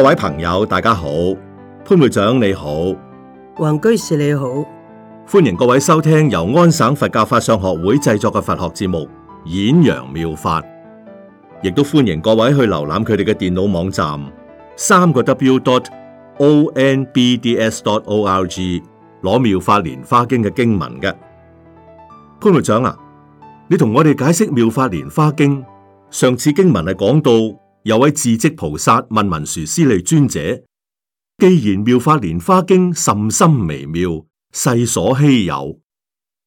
各位朋友，大家好，潘會長你好，王居士你好，歡迎各位收聽由安省佛教法上學會製作嘅佛學節目《演揚妙法》，亦都歡迎各位去瀏覽佢哋嘅電腦網站三個 w.dot.o.n.b.d.s.dot.o.r.g 攞妙法蓮華經嘅經文嘅潘會長啊，你同我哋解釋妙法蓮華經，蓮華經上次經文係講到。有位智積菩薩問文殊師利尊者：既然妙法蓮花經甚深微妙，世所稀有，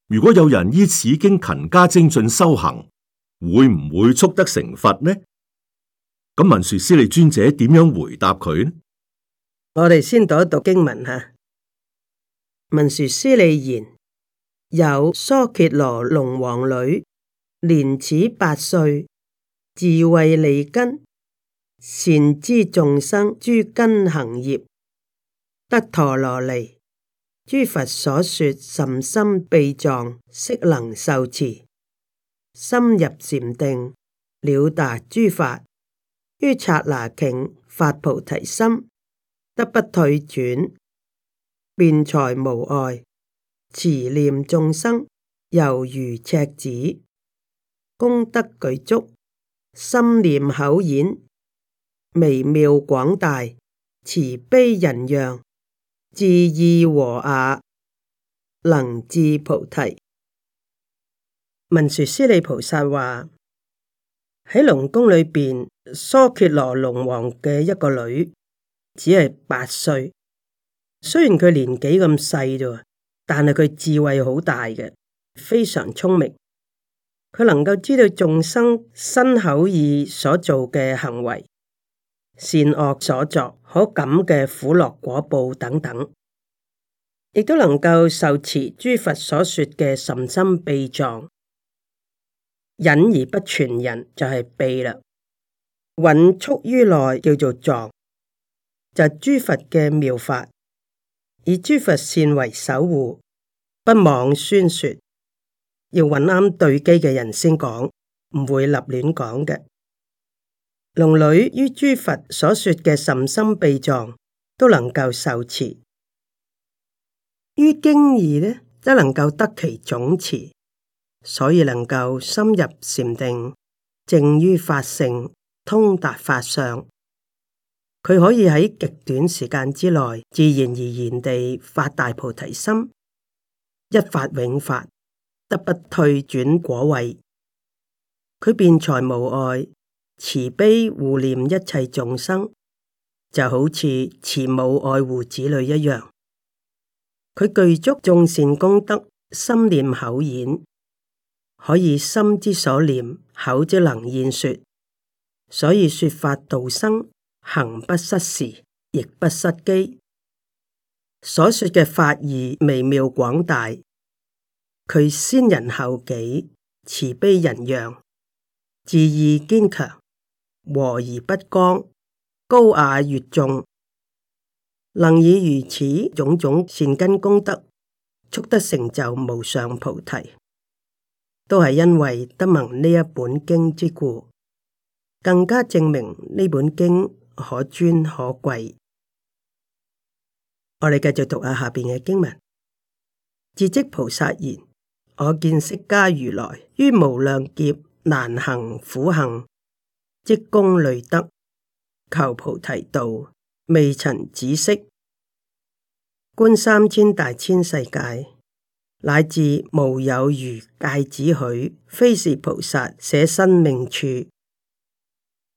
如果有人依此經勤加精進修行，會唔會速得成佛呢？咁文殊師利尊者點樣回答佢呢？我哋先讀一讀經文吓。文殊師利言：有娑竭羅龍王女，年始八歲，智慧利根。善知眾生諸根行業，得陀羅尼，諸佛所說甚深祕藏，悉能受持，深入禪定，了達諸法，於剎那頃發菩提心，得不退轉，辯才無礙，慈念眾生，猶如赤子，功德具足，心念口演。微妙廣大，慈悲仁讓，志意和雅，能至菩提。文殊師利菩薩話：喺龍宮裏邊，娑竭羅龍王嘅一個女，只係八歲。雖然佢年紀咁細啫，但係佢智慧好大嘅，非常聰明。佢能夠知道眾生身口意所做嘅行為。善惡所作可感嘅苦樂果報等等，亦都能夠受持諸佛所說嘅甚深秘藏，隱而不傳人就係秘啦，蘊蓄於內叫做藏，就是、諸佛嘅妙法，以諸佛善為守護，不妄宣說，要揾啱對機嘅人先講，唔會立亂講嘅。龍女於諸佛所說嘅甚深秘藏都能夠受持，於經義呢則能夠得其總持，所以能夠深入禪定，證於法性，通達法相。佢可以喺極短時間之內，自然而然地發大菩提心，一發永發，得不退轉果位。佢辯才無礙。慈悲護念一切眾生，就好似慈母愛護子女一樣。佢具足眾善功德，心念口演，可以心之所念，口之能言說。所以說法度生，行不失時，亦不失機。所說嘅法義微妙廣大，佢先人後己，慈悲仁讓，志意堅強。和而不剛，高雅越眾，能以如此種種善根功德，速得成就無上菩提，都係因為得聞呢一本經之故，更加證明呢本經可尊可貴。我哋繼續讀下下邊嘅經文。智積菩薩言：我見釋迦如來於無量劫難行苦行。積功累德，求菩提道，未曾止息。觀三千大千世界，乃至無有如芥子許，非是菩薩捨身命處，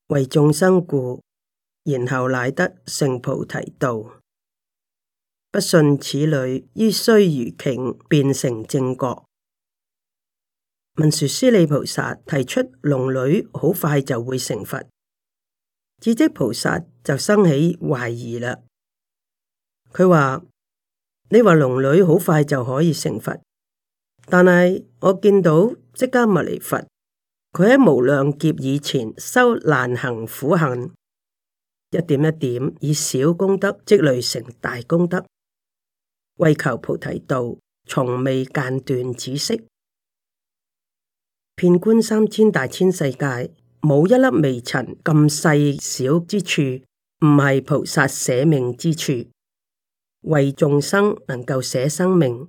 為眾生故，然後乃得成菩提道。不信此女於須臾頃變成正覺。文殊師利菩薩提出龍女好快就會成佛，智積菩薩就生起懷疑啦。佢話：你話龍女好快就可以成佛，但係我見到釋迦牟尼佛，佢喺無量劫以前修難行苦行，一點一點以小功德積累成大功德，為求菩提道，從未間斷止息。遍觀三千大千世界，冇一粒微塵咁細小之處，唔係菩薩捨命之處，為眾生能夠捨生命。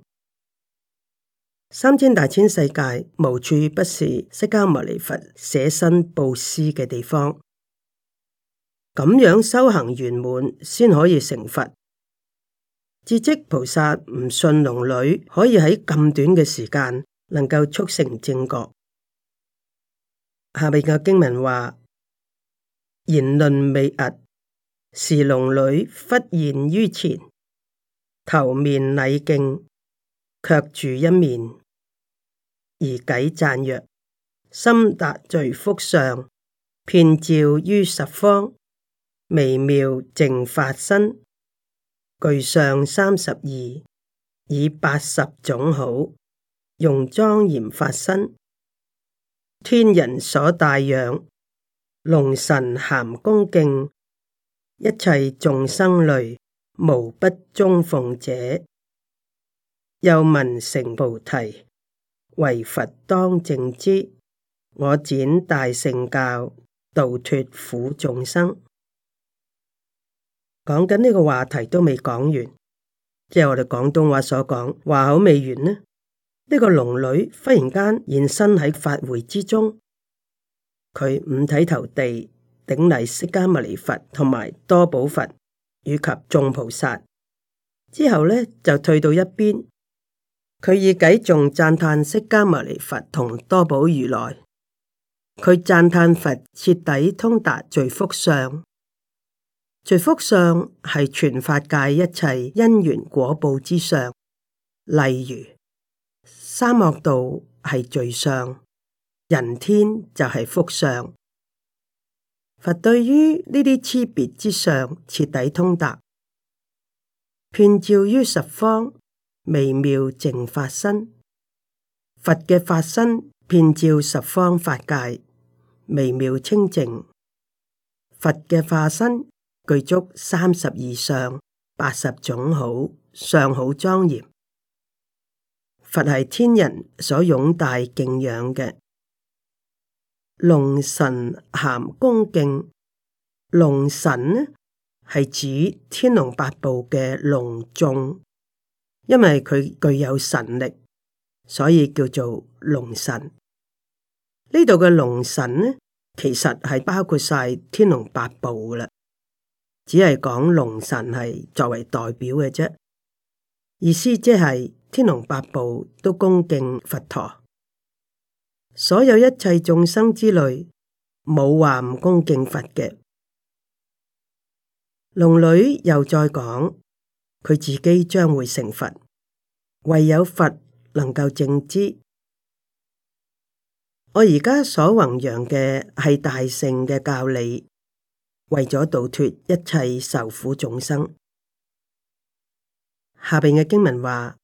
三千大千世界，無處不是釋迦牟尼佛捨身布施嘅地方。咁樣修行圓滿，先可以成佛。智積菩薩唔信龍女，可以喺咁短嘅時間，能夠速成正覺。下面嘅經文話：言論未訖，時，龍女忽現於前，頭面禮敬，卻住一面，而偈讚曰：深達罪福相，遍照於十方，微妙淨法身，具上三十二，以八十種好，用莊嚴法身。天人所戴仰，龍神咸恭敬，一切眾生類，無不宗奉者。又聞成菩提，唯佛當證知，我闡大乘教，度脱苦眾生。講緊呢個話題都未講完，即係我哋廣東話所講，話口未完呢？呢個龍女忽然間現身喺法會之中，佢五體投地頂禮釋迦牟尼佛同埋多寶佛，以及眾菩薩之後呢，就退到一邊，佢以偈頌讚嘆釋迦牟尼佛同多寶如來，佢讚嘆佛徹底通達罪福相，罪福相係全法界一切因緣果報之相，例如。三惡道係罪相，人天就係福相。佛對於呢啲差別之上徹底通達，遍照於十方，微妙淨法身。佛嘅法身遍照十方法界，微妙清淨。佛嘅化身具足三十二相，八十種好，相好莊嚴。佛係天人所擁戴敬仰嘅，龍神咸恭敬。龍神呢係指天龍八部嘅龍眾，因為佢具有神力，所以叫做龍神。呢度嘅龍神呢，其實係包括晒天龍八部啦，只係講龍神係作為代表嘅啫，意思即係。天龍八部都恭敬佛陀，所有一切眾生之類冇話唔恭敬佛嘅。龍女又再講，佢自己將會成佛，唯有佛能夠證知。我而家所弘揚嘅係大乘嘅教理，為咗度脫一切受苦眾生。下邊嘅經文話。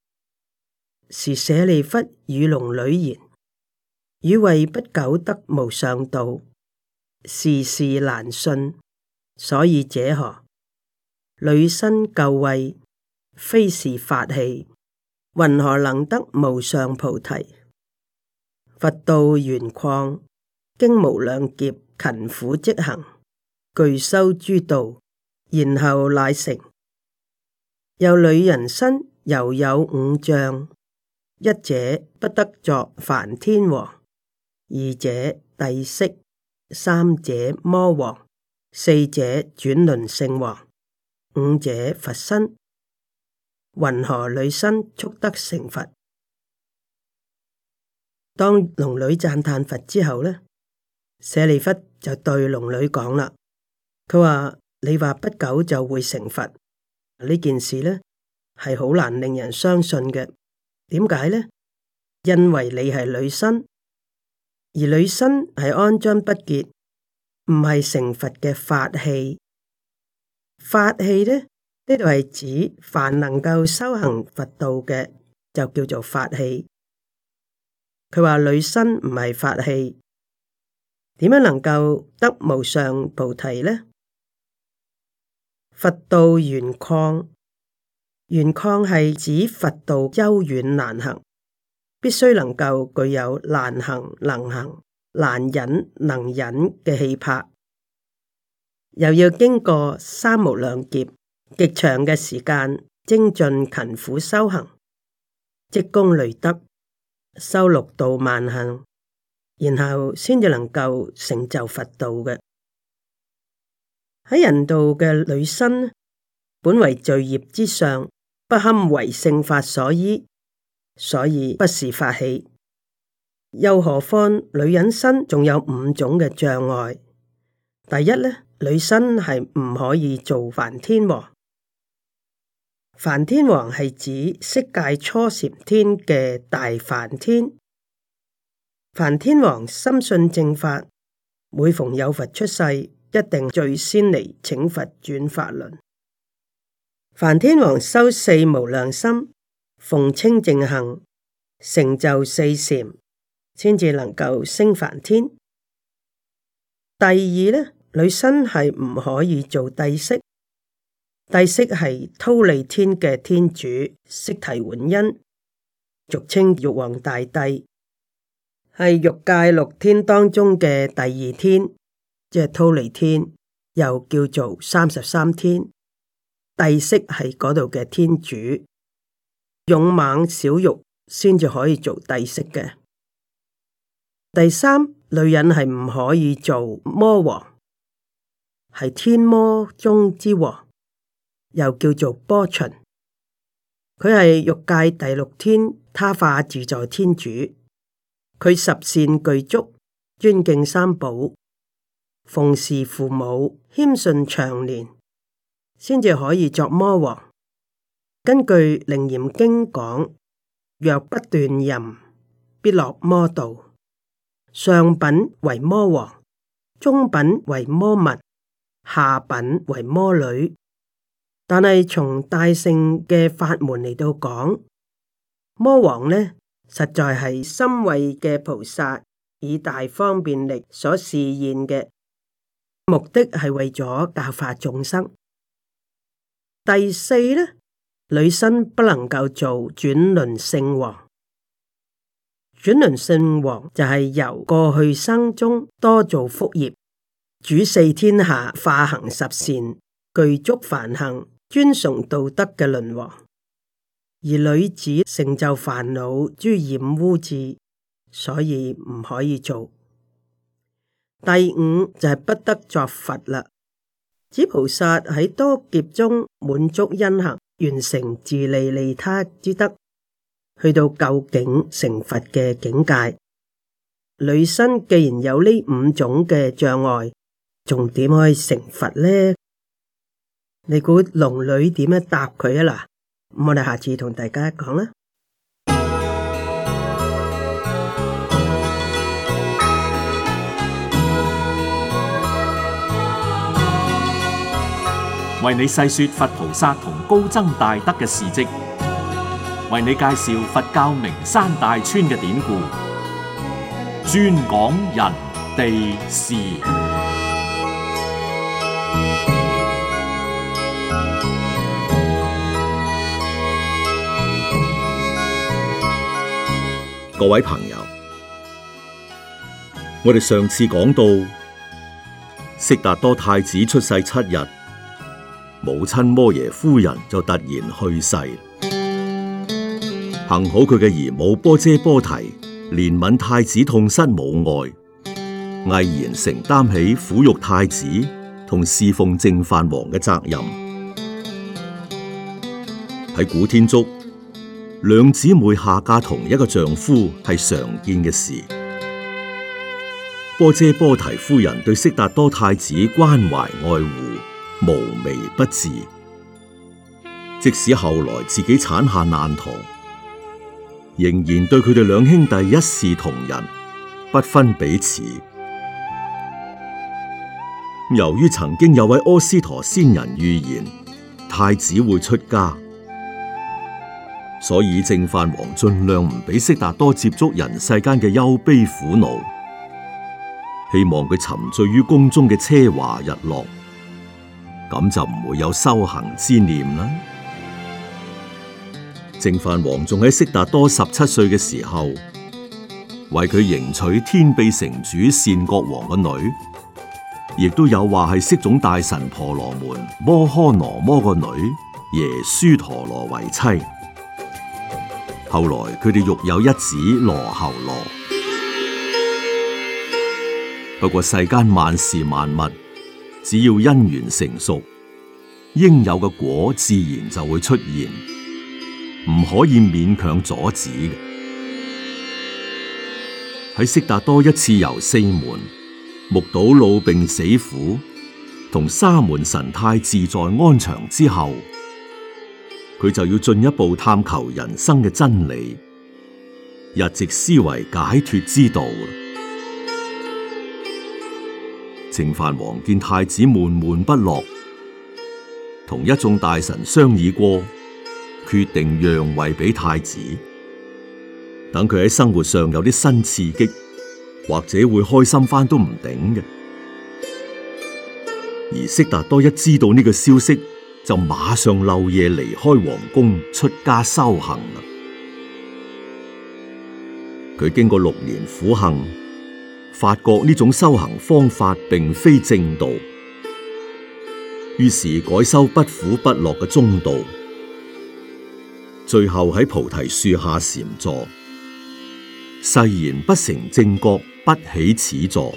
時舍利弗語龍女言：汝謂不久得無上道，是事，事難信。所以者何？女身垢穢，非是法器，云何能得無上菩提？佛道懸曠，經無量劫，勤苦積行，具修諸度，然後乃成。有女人身，又有五障。一者不得作梵天王，二者帝釋，三者魔王，四者轉輪聖王，五者佛身。云何女身速得成佛？當龍女讚嘆佛之後呢，舍利弗就對龍女講啦，佢話你話不久就會成佛，呢件事呢係好難令人相信嘅。點解呢？因為你係女生，而女生係骯髒不潔，唔係成佛嘅法器。法器呢，呢度係指凡能夠修行佛道嘅，就叫做法器。佢話女生唔係法器，點樣能夠得無上菩提呢？佛道懸曠。原曠係指佛道悠遠難行，必須能夠具有難行能行、難忍能忍嘅氣魄，又要經過三無兩劫、極長嘅時間，精進勤苦修行，積功累德，修六度萬行，然後先至能夠成就佛道嘅。喺人道嘅女身，本為罪業之上，不堪為聖法所依，所以不是法器。又何況女人身仲有五種嘅障礙。第一呢，女身係唔可以做梵天王。梵天王係指色界初禪天嘅大梵天。梵天王深信正法，每逢有佛出世，一定最先嚟請佛轉法輪。梵天王修四無量心，奉清淨行，成就四禪，先至能夠升梵天。第二呢，女生係唔可以做帝釋。帝釋係忉利天嘅天主，釋提桓因，俗稱玉皇大帝，係欲界六天當中嘅第二天，即係忉利天，又叫做三十三天。帝釋係嗰度嘅天主，勇猛少欲，先至可以做帝釋嘅。第三，女人係唔可以做魔王，係天魔中之王，又叫做波旬。佢係欲界第六天他化自在天主，佢十善具足，尊敬三寶，奉侍父母，謙遜長年。先至可以作魔王。根據《楞嚴經》講，若不斷淫，必落魔道。上品為魔王，中品為魔物，下品為魔女。但係從大乘嘅法門嚟到講，魔王呢，實在係心為嘅菩薩以大方便力所示現嘅，目的係為咗教化眾生。第四呢，女生不能夠做轉輪聖王。轉輪聖王就係由過去生中多做福業，主四天下，化行十善，具足梵行，尊崇道德嘅輪王。而女子成就煩惱，諸染污志，所以唔可以做。第五就係不得作佛啦。指菩薩喺多劫中滿足因行，完成自利利他之德，去到究竟成佛嘅境界。女身既然有呢五種嘅障礙，仲點可以成佛呢？你估龍女點樣答佢啊？嗱，我哋下次同大家講啦。為你細說佛菩薩同高僧大德嘅事跡，為你介紹佛教名山大川嘅典故，專講人地事。各位朋友，我哋上次講到悉達多太子出世七日。母親摩耶夫人就突然去世，幸好佢嘅姨母波闍波提憐憫太子痛失母愛，毅然承擔起撫育太子同侍奉淨飯王嘅責任。喺古天竺，兩姊妹下嫁同一個丈夫係常見嘅事。波闍波提夫人對悉達多太子關懷愛護。無微不至，即使後來自己產下難陀，仍然對佢哋兩兄弟一視同仁，不分彼此。由於曾經有位阿私陀仙人預言太子會出家，所以淨飯王盡量唔俾悉達多接觸人世間嘅憂悲苦惱，希望佢沉醉於宮中嘅奢華日落。咁就唔會有修行之念啦。淨飯王仲喺悉達多十七歲嘅時候，為佢迎娶天臂城主善國王嘅女，亦都有話係釋種大神婆羅門摩訶羅摩個女耶輸陀羅為妻。後來佢哋育有一子羅睺羅。不過世間萬事萬物。只要因緣成熟，應有嘅果自然就會出現，唔可以勉強阻止嘅。喺悉達多一次遊四門，目睹老病死苦同沙門神態自在安詳之後，佢就要進一步探求人生嘅真理，日直思維解脫之道。淨飯王見太子悶悶不樂，同一眾大臣商議過，決定讓位俾太子，等佢喺生活上有啲新刺激，或者會開心返都唔頂嘅。而悉達多一知道呢個消息，就馬上漏夜離開皇宮出家修行。佢經過六年苦行。發覺呢種修行方法並非正道，於是改修不苦不樂嘅中道，最後喺菩提樹下禪坐，誓言不成正覺不起此座，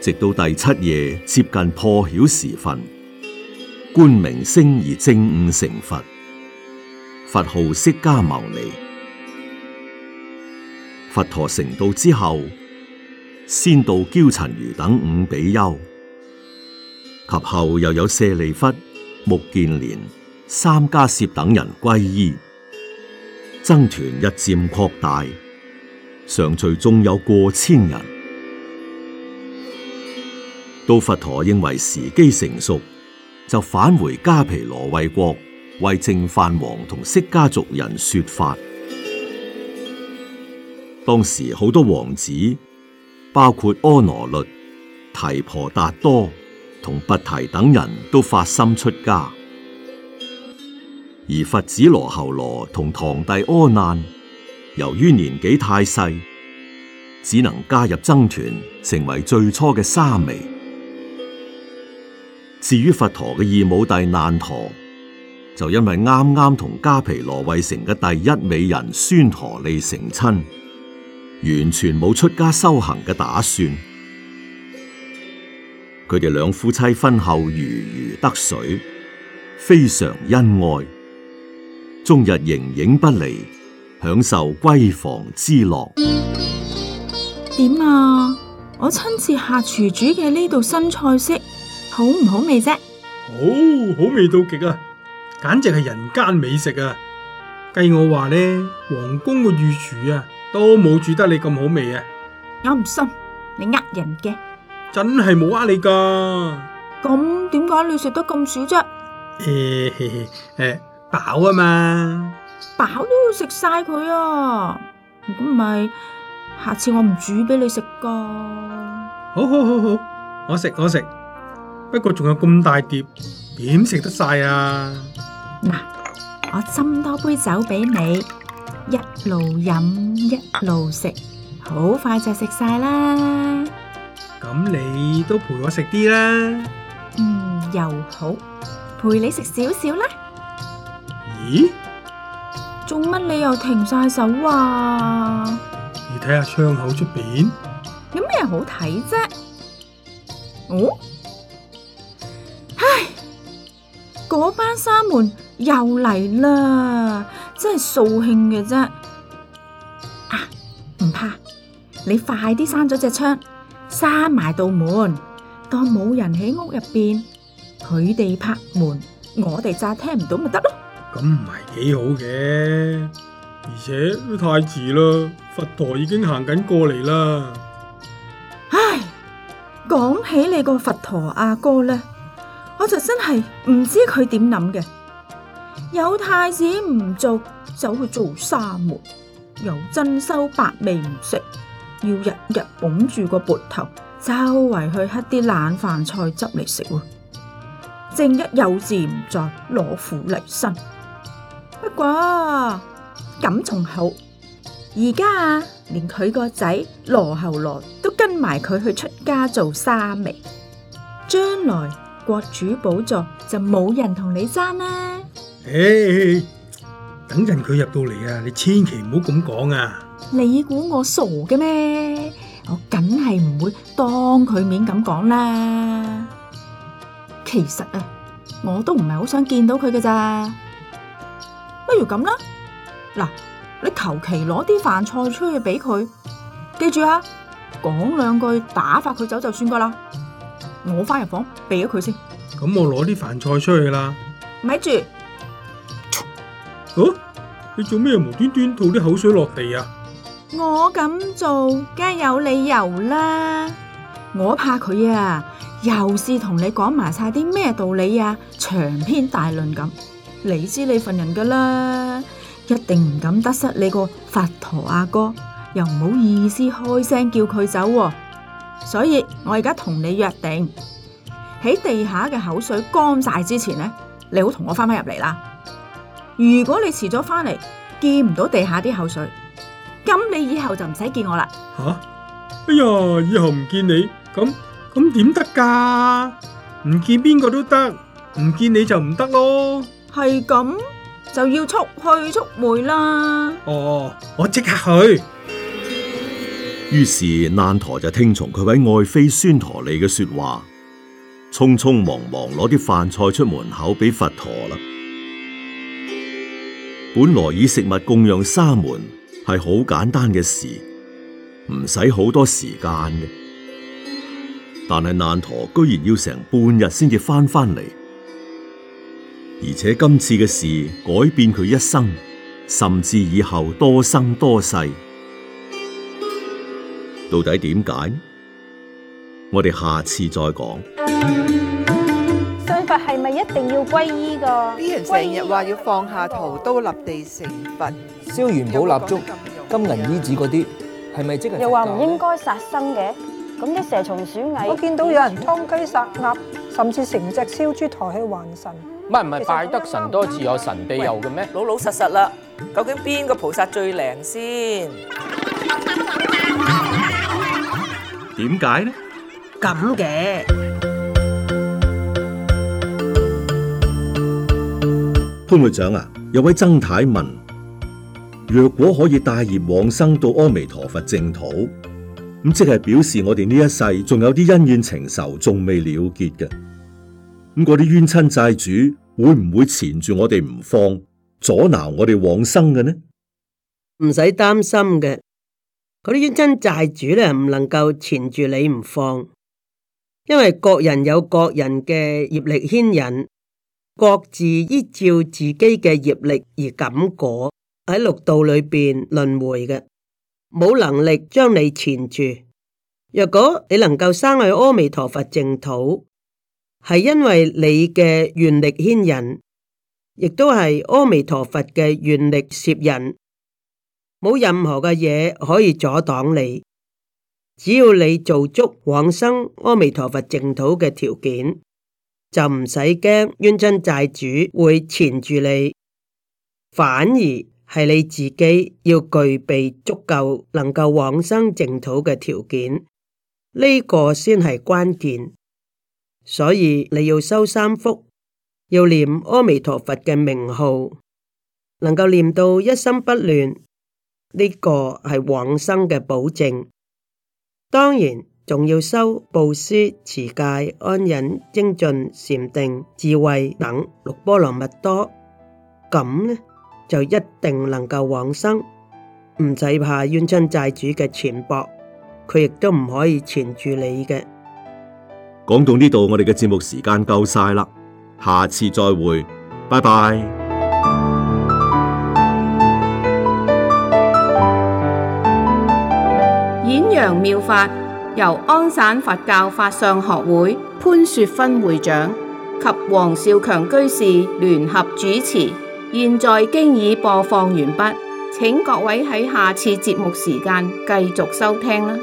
直到第七夜接近破曉時分，觀明星而正悟成佛，佛號釋迦牟尼。佛陀成道之後，先到憍陳如等五比丘，及後又有舍利弗、目犍連、三迦葉等人皈依，僧團日漸擴大，常隨眾有過千人。到佛陀認為時機成熟，就返回迦毗羅衛國，為淨飯王同釋迦族人說法。當時好多王子，包括阿羅律、提婆達多同拔提等人都發心出家，而佛子羅睺羅同堂弟阿難，由於年紀太細，只能加入僧團，成為最初嘅沙彌。至於佛陀嘅異母弟難陀，就因為啱啱同迦毗羅衛城嘅第一美人孫陀利成親。完全冇出家修行嘅打算。佢哋兩夫妻婚後如魚得水，非常恩愛，終日形影不離，享受閨房之樂。點啊？我親自下廚煮嘅呢道新菜式，好唔好味啫？好、哦，好味到極啊！簡直係人間美食啊！計我話呢，皇宮嘅御廚啊！都冇煮得你咁好味啊！我唔信，你呃人嘅？真係冇呃你噶。咁點解你食得咁少啫？誒誒、欸，飽啊嘛！飽都要食晒佢啊！如果唔係，下次我唔煮俾你食噶。好好好好，我食我食。不過仲有咁大碟，點食得晒啊？嗱，我斟多杯酒俾你。一路飲一路食，好快就食晒啦！咁、嗯、你都陪我食啲啦。嗯，又好，陪你食少少啦。咦？做乜你又停晒手啊？你睇下窗口出邊，有咩好睇啫？哦，唉，嗰班沙門又嚟啦！真係掃興嘅啫，啊！唔怕，你快啲閂咗隻窗，閂埋道門，當冇人喺屋入邊，佢哋拍門，我哋詐聽唔到咪得咯。咁唔係幾好嘅，而且都太遲啦，佛陀已經行緊過嚟啦。唉，講起你個佛陀阿哥咧，我就真係唔知佢點諗嘅。有太子唔做走去做沙門，又珍饈百味唔食，要日日捧住個缽頭，周圍去乞啲冷飯菜汁嚟食喎。正一有事唔做，攞苦嚟辛。不過噉仲好，而家連佢個仔羅睺羅都跟埋佢去出家做沙彌，將來國主寶座就冇人同你爭啦。誒，等陣佢入到嚟啊！你千祈唔好咁講啊！你估我傻嘅咩？我梗係唔會當佢面咁講啦。其實啊，我都唔係好想見到佢㗎咋。不如咁啦，嗱，你求其攞啲飯菜出去俾佢，記住啊，講兩句打發佢走就算噶啦。我翻入房避咗佢先。咁我攞啲飯菜出去啦。咪住。哦、啊，你做咩無端端吐啲口水落地啊？我咁做，梗係有理由啦。我怕佢啊，又是同你講埋晒啲咩道理啊，長篇大論咁。你知你份人噶啦，一定唔敢得失你個佛陀阿哥，哥，又唔好意思開聲叫佢走，啊。所以我而家同你約定，喺地下嘅口水乾晒之前咧，你好同我翻返入嚟啦。如果你遲咗翻嚟，見唔到地下啲口水，咁你以後就唔使見我啦。吓、啊！哎呀，以後唔見你，咁咁點得噶？唔見邊個都得，唔見你就唔得咯。係咁，就要速去速回啦。哦，我即刻去。於是難陀就聽從佢位愛妃孫陀利嘅說話，匆匆忙忙攞啲飯菜出門口俾佛陀啦。本來以食物供養沙門係好簡單嘅事，唔使好多時間嘅。但係，難陀居然要成半日先至翻返嚟，而且今次嘅事改變佢一生，甚至以後多生多世。到底點解？我哋下次再講。係咪一定要皈依噶？啲人成日話要放下屠刀立地成佛，燒元寶蠟燭、金銀衣紙嗰啲，係咪即係？又話唔應該殺生嘅，咁啲蛇蟲鼠蟻，我見到有人劏雞殺鴨，甚至成隻燒豬抬去還神。唔係唔係，拜得神多自有神庇佑嘅咩？老老實實啦，究竟邊個菩薩最靈先？點解呢？咁嘅。潘會長啊，有位曾太太問：若果可以帶業往生到阿彌陀佛淨土，咁即係表示我哋呢一世仲有啲恩怨情仇仲未了結嘅。咁嗰啲冤親債主會唔會纏住我哋唔放，阻撓我哋往生嘅呢？唔使擔心嘅，嗰啲冤親債主咧，唔能夠纏住你唔放，因為各人有各人嘅業力牽引。各自依照自己嘅業力而感果，喺六道裏邊輪回嘅，冇能力將你纏住。若果你能夠生喺阿彌陀佛淨土，係因為你嘅願力牽引，亦都係阿彌陀佛嘅願力攝引，冇任何嘅嘢可以阻擋你。只要你做足往生阿彌陀佛淨土嘅條件。就唔使驚冤親債主會纏住你，反而係你自己要具備足夠能夠往生淨土嘅條件，呢個先係關鍵。所以你要修三福，要念阿彌陀佛嘅名號，能夠念到一心不亂，呢個係往生嘅保證。當然。仲要修布施、持戒、安忍、精進、禪定、智慧等六波羅蜜多，咁呢就一定能夠往生，唔使怕冤親債主嘅纏縛，佢亦都唔可以纏住你嘅。講到呢度，我哋嘅節目時間夠晒啦，下次再會，拜拜。演揚妙法。由安省佛教法相學會潘雪芬會長及黃少強居士聯合主持，現在經已播放完畢，請各位喺下次節目時間繼續收聽啦。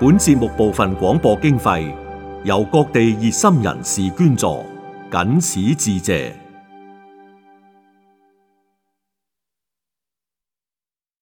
本節目部分廣播經費由各地熱心人士捐助。僅此致謝。